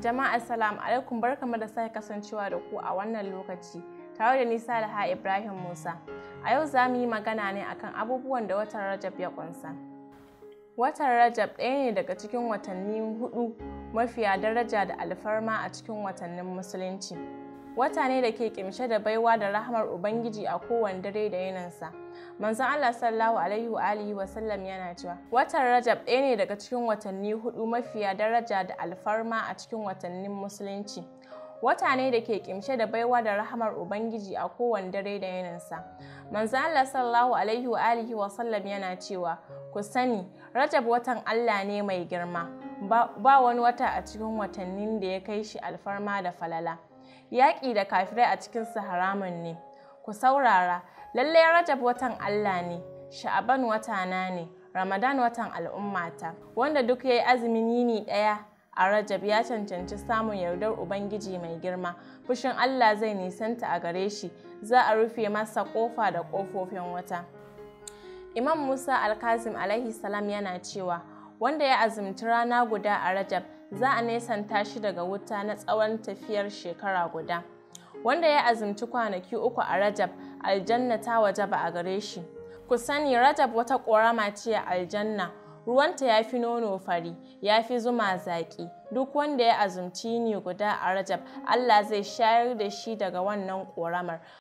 Jama'a salam alaikum barkamu da sake kasancewa da ku a wannan lokaci tare da nisa da Ibrahim Musa. A yau za mu yi magana ne akan abubuwan da watan Rajab ya kunsa. Watan Rajab ɗaya ne daga cikin watanni hudu mafiya daraja da alfarma a cikin watannin Musulunci. wata ne da ke kimshe da baiwa da rahamar ubangiji a kowane dare da yininsa manzon allah sallahu alaihi wa alihi wa sallam yana cewa watan rajab ɗaya ne daga cikin watanni hudu mafiya daraja da alfarma a cikin watannin musulunci wata ne da ke kimshe da baiwa da rahamar ubangiji a kowane dare da yininsa manzon allah sallahu alaihi wa alihi wa sallam yana cewa ku sani rajab watan allah ne mai girma ba wani wata a cikin watannin da ya kai shi alfarma da falala yaƙi da kafirai a cikinsu haramun ne ku saurara lallai rajab watan allah ne sha'aban watana ne ramadan watan al'ummata wanda duk ya yi azumin yini ɗaya a rajab ya cancanci samun yardar ubangiji mai girma fushin allah zai nisanta a gare shi za a rufe masa ƙofa da ƙofofin wata imam musa alkazim alaihi salam yana cewa wanda ya azumci rana guda a rajab za a nesanta shi daga wuta na tsawon tafiyar shekara guda wanda ya azumci kwanaki uku a rajab aljanna ta waje ba a gare shi ku sani rajab wata ƙorama ce a aljanna ruwanta ya fi nono fari ya fi zuma zaƙi duk wanda ya azumci ni guda a rajab allah zai shayar da shi daga wannan ƙoramar